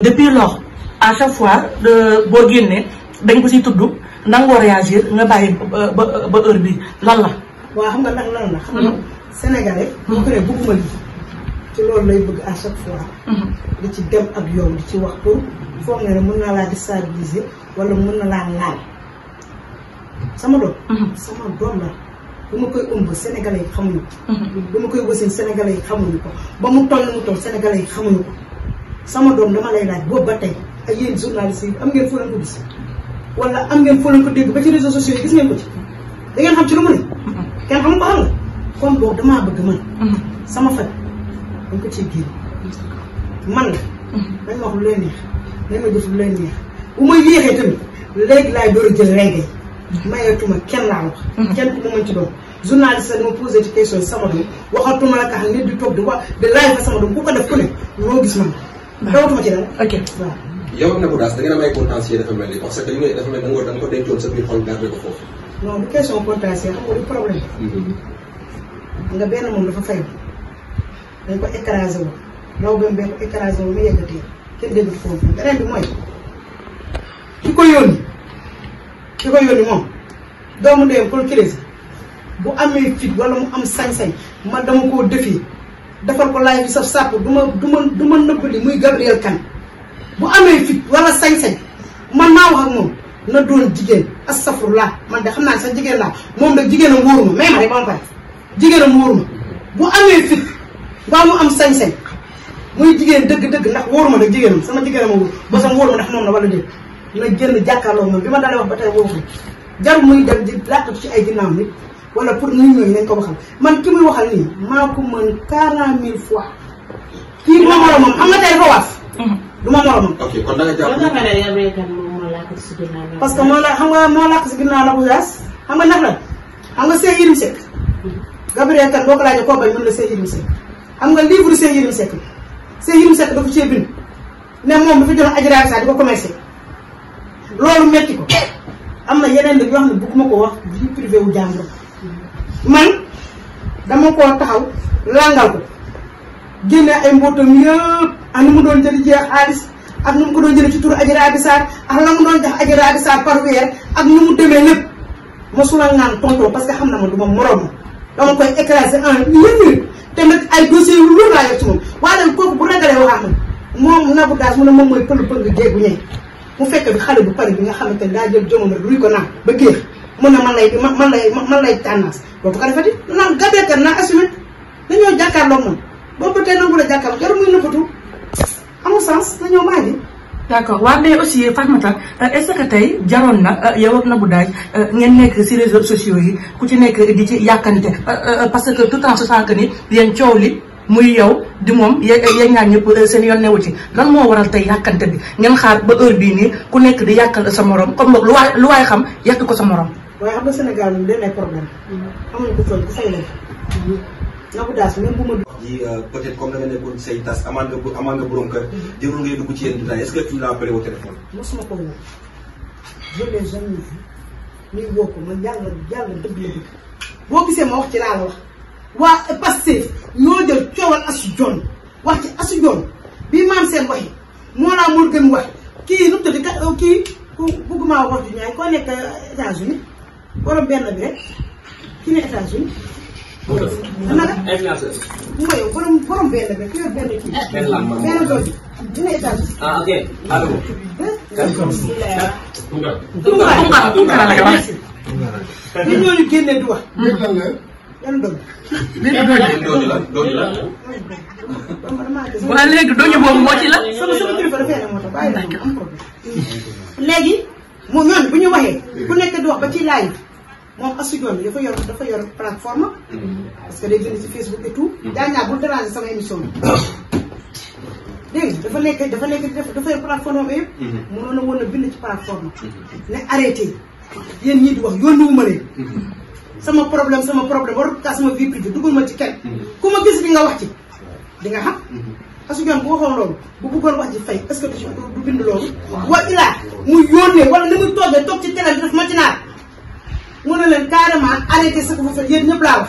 depuis lors à chaque fois euh, boo génnee dañ ko si tudd nangoo réagir nga bàyyi ba euh, euh, ba heure bi lan la. waaw xam nga lan lan la. xam nga mhm. sénégalais. bu mhm. ko nee bëgguma lii ci loolu lay bëgg à chaque fois. Mhm. di ci dem ak yoon di ci wax pour foog nga ne mën na laa déstabiliser wala mën na laa laal sama doom. sama doom la bu ma koy ëmb sénégalais yi xamuñu ko. bu ma koy wëssin sénégalais yi xamuñu ko ba mu toll mu toll sénégalais xamuñu ko. sama doom dama lay laaj boobu ba tey ak yéen journaliste yi am ngeen foo leen ko gis wala am ngeen foo ko dégg ba ci réseaux sociaux yi gis ngeen ko ci da ngeen xam ci lu mu ne kenn xamul ko xam nga kon boobu damaa bëgg man sama ko ciy génn man la dañ ma wax lu leen neex dañ ma jëf lu leen neex bu ma yéexee tamit léegi laay door a jël léegi mayatuma kenn ku ma mën ci doon journaliste dama posé ci question sama doom waxatuma la ka xam nit di toog di wax di laaj fa sama doom ku ko def ku ne loo gis man rawatuma ci dara. ok waaw. yow ak Nabou Dash da ngeen am ay contentieux dafa mel ni parce ko da nga ko dencoon sa biir xol foofu. non bu question contentieux xam nga du problème. Mhm. nga benn moom dafa fay dañ ko écrasé wu raw benn benn ko écrasé wu mu kenn dégg foofu beneen bi mooy ki ko yónni ki ko yónni moom doomu ndeyam Paul Kilesi bu amee fit wala mu am sañ-sañ man dama koo défi. defal ko laay bi saf sàpp du ma du ma du ma nëbbali muy Gabriel Kane bu amee fit wala sañ-sañ man maa wax ak moom na doon jigéen astafurlah man de xam naa sa jigéen laa moom nag jigéenam wóoru ma mais ma rek ba ma pare bu amee fit mbaa mu am sañ-sañ jigéen dëgg-dëgg ndax wóoru ma nag sama jigéenam wóoru ba sama wóoru ma ndax moom la wala déet na génn jàkkaarloo moom bi ma dalee wax ba tey wóoru ma jarul muy dem di làqatu ci ay ginnaaw nit wala pour nit ñooñu nañ ko waxal man ki muy waxal nii maa ko mën quarante mille fois. kii duma moromam xam nga tey fa waas. Mm-hmm. du ma moromam. ok kon da nga jàpp parce que moo la xam nga moo làkk si ginnaaw la Oustaz xam nga naka la xam nga Cheikh Yérim Seck. Mm-hmm. Gabriel Kane boo ko laajee koo bañ mën la Cheikh Yérim Seck xam nga livre Cheikh Yérim Seck bi Cheikh Yérim Seck dafa cee bind ne moom dafa jëloon Adji Raby Sarr di ko commercé loolu metti ko am na yeneen la yoo xam ne bëgguma ko wax vie privée wu jàmbur man dama koo taxaw langal ko génne ay mbootam yëpp ak nu mu doon jëli jeex xaalis ak nu mu ko doon jëlee ci turu Adji Raby Sarr ak la mu doon jox Adji Raby Sarr par weer ak nu mu demee lépp ma sula naan tonton parce que xam na ma du ma moroom dama koy écraser en une te nag ay dossiers yu lourd laa yor waaye nag kooku bu ragalee wax na moom Nabou Dash mu ne moom mooy pël pël géegu ñeeg mu fekk bi xale bu pare bi nga xamante ne daa jël jomam ko naan ba mun na man lay man lay man lay tendance boobu ko defati naan gàddeekat naa assumé dañoo jàkkaarloo moom boobu tey nangu la jàkkaarloo jarul muy nëbbatu amul aussi Fatmata est euh, ce que jaroon na euh, yow na bu Dash euh, ngeen nekk si réseaux sociaux yi ku ci nekk di ci yàkkante parce que tout le temps su sànq ni yéen coow li muy yow di moom yéen ñaar ñëpp seen yoon newu ci lan moo waral tey yàkkante bi ngeen xaar ba heure bii nii ku nekk di yàkkal sa moroom comme boog lu waay lu waay xam yàq ko sa morom. waaye xam nga Sénégal moom day nekk problème amuñu ko toll ku fay lañ. Nabou Dash même bu ma. ji euh, peut-être comme da nga nekkoon say tas amaan nga bu amaan nga borom kër. jërul ngay dugg ci yenn détails est-ce que tu l'as woo je l'ai jamais vu muy woo ko man yàlla yàlla la dëgg boo gisee wax ci laa ñoo jël coowal asu wax ci asu joon maam seen waxi moo laa moo gën wax kii nu mu tëdd kii ku bëgguma wax ju ñaay koo nekk États-Unis borom benn bi rek ki ne États-Unis. influenceur mooy borom borom benn bi rek ki yor benn kii. benn doon bi ne États-Unis. ah ok allo. Tunkara Tunkara la wax. ni ñooñu génnee di wax. yan doon. doon la waaw léegi doñu boobu moo ci la. sama sama kilifa dafay moo tax bàyyi naa am problème. léegi moom ñooñu bu ñu waxee. ku nekk di wax ba ci laaj. assi assuré bi dafa yor dafa yor plateforme hmm. parce que day jënd ci Facebook et tout. daañu bu déranger sama émission bi. dégg nga dafa nek dafa nekk dafa yor plateforme ba mu mënoon wona a bind ci plateforme né arrêté yeen ñi di wax yoonu wu ma leen. sama problème sama problème war ka sama vie privée dugal ma ci kenn. ku ma gis bi nga wax ci di nga xam. assi que yoon bu waxoon loolu bu gol wax ci fay est ce que du bind lool wa ila mu yone wala ni muy toogee ci télé ma ci matinal. mu ne leen carrément arrêté sa ko fa yéen ñëpp laa wax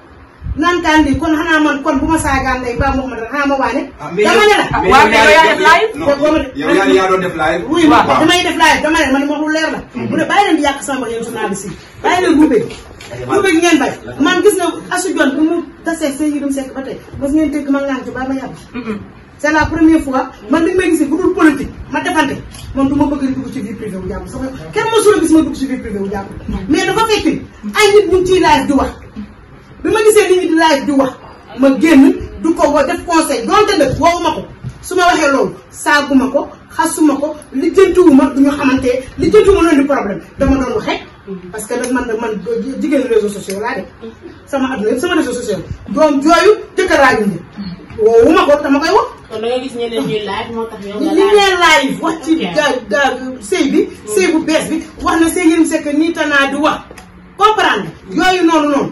naan kaan lii kon xanaa man kon bu ma saagaan day ba Mouhamadou xanaa ma waane. Ah, dama la waaw mais yow yaa def live. yow yaa doon def live. oui damay def leer la. bu hmm. dee bàyyi leen di yàq sama yéen journaliste eh, bay man gis nga asu ma ngaan ci ba ma yàgg. c'est la première fois man li may bu dul politique ma defante man du ma bëgg a dugg ci vie privée wu jàpp sama kenn mosul a gis ma dugg ci vie privée wu jàpp mm. mais dafa fekk ay nit ñu ciy bi ma gisee nit ñi di laaj di wax ma génn du ko wa def conseil donte nag woowu ma ko su ma waxee loolu saaguma ko xasuma ko li jëntuwu ma du ñu xamante li jëntuwu ma loolu di problème dama doon wax rek parce que daf man nag man jigéen réseaux sociaux laa def sama àdduna yëpp sama réseaux sociaux doom jooyu jëkkëraayu ni woowu ko dama koy wax kon da li nee live wax ci gaa gaa sëy bi sëy bu bees bi wax na sëy yërim sekk nii tanaa di wax comprendre yooyu noonu noonu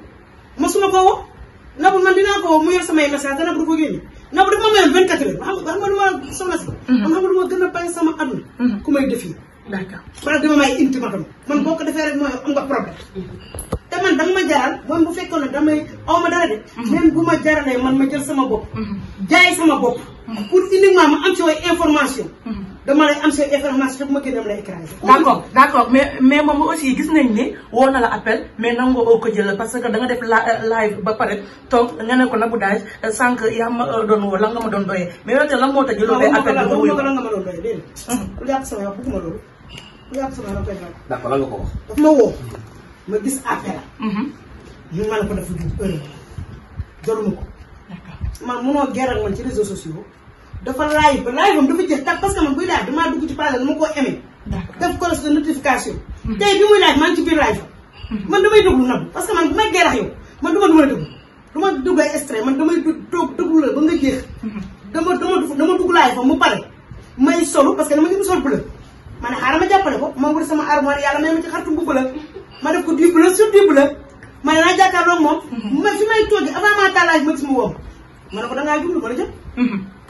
mosuma koo woo Nabou man dinaa ko woo mu yor samay message te Nabou du ko génne Nabou dafa ma mayoon 24 heures xam nga xam nga du ma soxna si. Mhm. ma gën a bàyyi mhm. man ko defee rek mooy am nga problème. Mhm. te man ma bu fekkoon ne damay aw ma dara de. même bu ma jaralee man ma jël sama bopp. jaay sama bopp. pour uniquement ma am ci way information. dama lay am seen information bu ma génne lay écraser. gis nañ ni woo na la appel mais nangoo ko parce que da nga ba pare toog ne ko Nabou Dash sànq yaa ma doon lan nga ma doon doyee mais yow moo tax jëloo bee appel bi mu lan nga ma doon doyee déedéet. lu nga ko wax. daf ma woo ma gis appel. ñu ma ko def lu jub heure jaruma ko. d' accord man munoo gëral ci réseaux sociaux. dafa raay ba raay moom dafa jël tax parce que man buy laaj damaa dugg ci page dama koo aimé. def cloche de notification. Mhm. Mhm. parce que man bu may geerax yow man du ma du ma déglu du ma dugg ay extrait man damay toog déglu la ba nga jeex. dama mhm. dama dama dugg raay fa mu pare may solu parce que dama ñu ma ne xaaral ma jàppale ko ma wut sama armoire yàlla may ma ci xaritu mbubb la ma def ko du bleu sur du bleu ma ne naa jàkkaarloo moom. ma fi may toog avant ma tàllaaj ma gis mu woo ma ne ko dangaa jublu ba la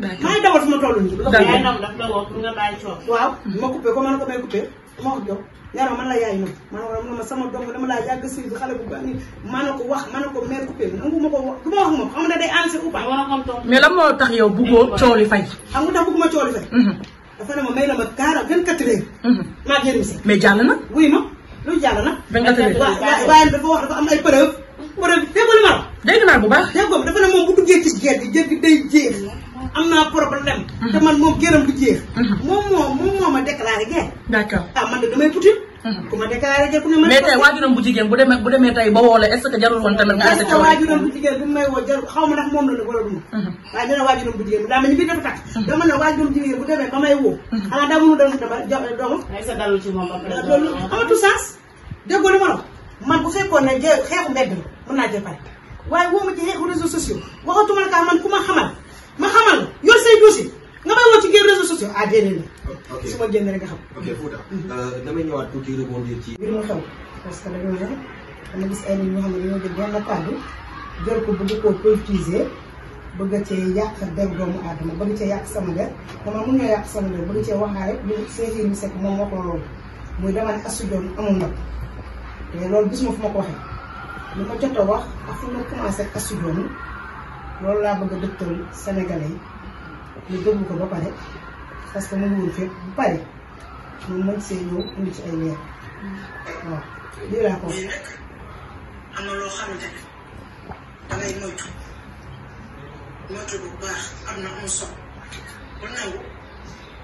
maa ngi dawal fu ma toll nii. dëgg la yaay nam daf la wax pour nga bàyyi coow. waaw ma coupé ko man ko may coupé ma wax jox nga man la yaay nam ma ne ko ma sama doom dama laa yàgg si xale bu baax nii ma ne ko wax ma ne ko mère coupé bi nangu ma ko wax du ma wax moom xam na day ansi ou pas. mais lan moo tax yow bëggoo cooli fay. xam nga tax bëgguma cooli fay. Mhm. dafa ne ma may na ma kaara 24 heures. Mhm. maa génn si. mais jàll na. wuy ma lu jàll na. 24 heures waaw waaye dafa wax dafa am ay preuve preuve dégg nga li ma la. dégg naa bu baax. dégg nga dafa ne moom bu duggee ci géej gi géej gi day jeex am naa problème. Mhm. te man moom gërëm du jeex. Mhm. moom moo moom moo ma déclaré guerre. d'accord ah de damay Poutine. Mhm. ku ma déclaré guerre ku ne bu jigéen bu bu demee bu jigéen bu may woo jarul xaw ma ndax moom la ne wala du ma. waaye dina waajuram bu jigéen bi daa ma ñu biir dafa tàkk. sa dalul ci moom après. man naa jël pare waaye woo ma ci xeexu réseaux sociaux waxatuma la man ku ma xamal ma xamal la yor say dossier nga may woo ci géej réseaux sociaux ah déedéet la. ok su rek nga xam. ok Fouta. Euh, tuuti rebondir ci. mbir ma xew parce que dañoo ne dama gis ay nit ñoo xam ne dañoo ko bëgg koo politiser bëgg cee yàq der doomu aadama bëgg cee yàq sama der dama mun na yàq sama der bëgg cee waxaale lu Cheikh Yérim Seck moom moo ko loolu muy dama ne amul nag te loolu gisuma fu ma ko waxee li ma jot a wax ak fu ma commencé ak Astou loolu laa bëgg a dëgtal sénégalais yi ko ba pare parce mu ngi woon fépp bu mën see ñëw indi ci ay leer waaw lii laa ko wax. am na loo xamante ne dangay moytu moytu bu am na am solo bu nangu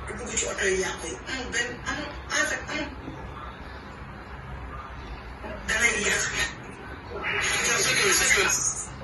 du dugg ci oto yi yàqu yi amul benn amul en fait amul dalay yàq.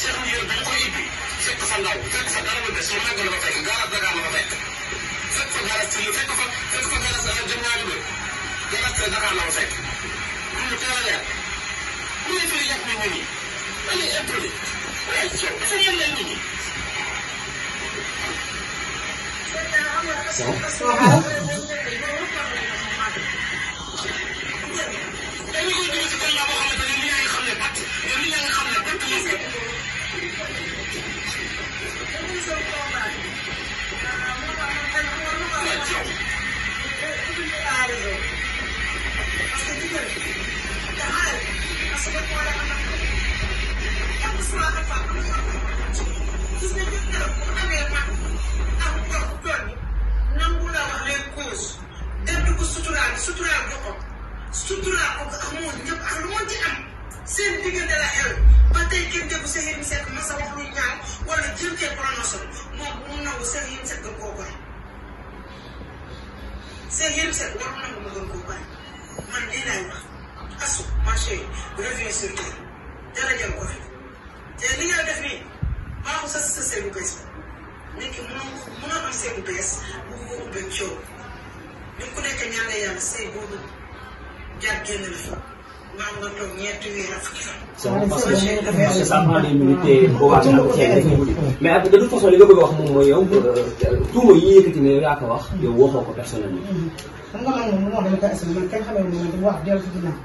சிறுமியர் बिल्कुल भी फिट फंगाओ फिट फंगाना में सुनने को लगता है गाना लगा लगा है फिट फंगाना फिट फिट फिट फंगाना सारा जमाल में गाना से लगा लगा है हम तेरा है ये फिर एक भी नहीं अरे एप्रिल अच्छा फिर ये नहीं Thank you. sutura sutura bokk sutura ak amul ñëpp ak lu mën ci am seen diggante la xew ba tey kenn jëgu sa yéen sekk ma sa wax lu ñaaw wala jëntee promotion moom mu nangu sa yéen sekk gën koo bari sa yéen sekk war nangu ma gën man lii laay wax asu marché yi revient sur terre dara jël ko fi te li nga def nii baaxu sa sa seen bu bees nit ki mënoo mënoo am seen bu bees bu ko ubbee coow ni ku nekk ñaan yàlla sëy boobu jaar génn nga am nga toog ñeenti weer ak fukki fan. c'est a wax man moom lu ma wax dama ko assuré man kenn xamee ne man wax dellu ci ginnaaw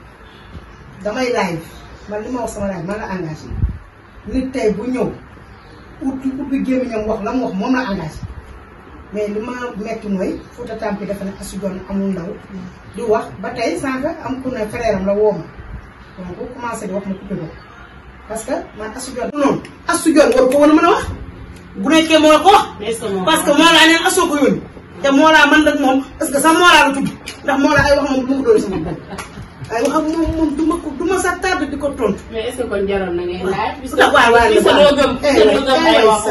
damay live sama live man la engagé nit tey bu ñëw ut ubbi gémmiñam wax la mu wax moom la engagé. mais li ma metti mooy Fouta Tampi dafa ne Astou amul ndaw di wax ba tey sànq am ku ne frère la woo dama ko commencé di wax parce que man asu joon noonu asu a a wax bu nekkee moo ko parce que moo laa neen asoo ko yónni te moo laa man rek moom parce que sax moo laa la tudd ndax moo laa ay wax moom bu ko du ma sa di ko tontu. mais est ce que kon jaroon na ngeen laaj. parce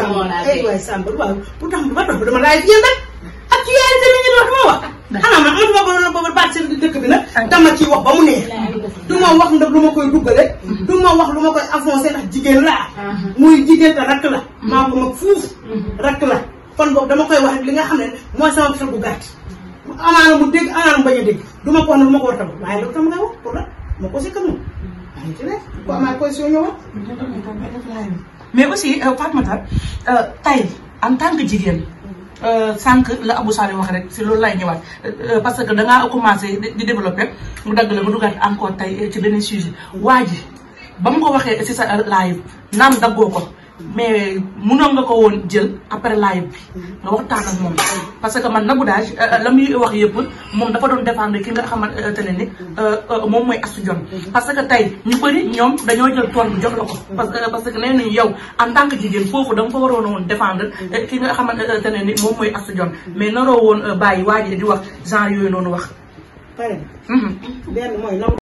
moo laa. ay eh, waay Samba waaw pourtant bu ma topp dama laaj yéen rek xanaa man man ma ba ba baat seen dëkk bi na dama ciy wax ba mu neex. du wax ndax lu ma koy duggale. Mm-hmm. du ma wax lu ma koy enfoncé ndax jigéen laa. Uh-huh. muy jigéen te rakk la. Mm-hmm. maa ko mag fuuf. Mm-hmm. rakk la kon boobu dama koy wax li nga xam ne mooy sama xel bu gàtt. amaana mu dégg a dégg du ma ko wax ne bu ma ko war a ko si moom. maa ngi ci def ku amaat position ñëwaat. mais aussi euh, Fatmata euh, tey en tant que jigéen. Euh, sànq la Abou Sall wax rek si loolu lay ñëwaat euh, parce que da ngaa commencé di développer mu dagg la ba duggaat encore tey ci beneen sujet waa ji ba mu ko waxee si sa live naan daggoo ko. mais mënoon nga ko woon jël après live bi nga waxtaan ak moom parce que man Nabou Dash euh, euh, la muy wax yëpp moom dafa doon défendre ki nga xamante ne ni euh, moom mooy Astou Dione parce que tey ñu bëri ñoom dañoo jël tool jox ko parce que parce que nee nañu yow en tant ko waroon woon défendre ki nga xamante ne ni moom mooy Astou Dione mais naroo woon bàyyi waa ji di wax genre yooyu noonu wax mhm. benn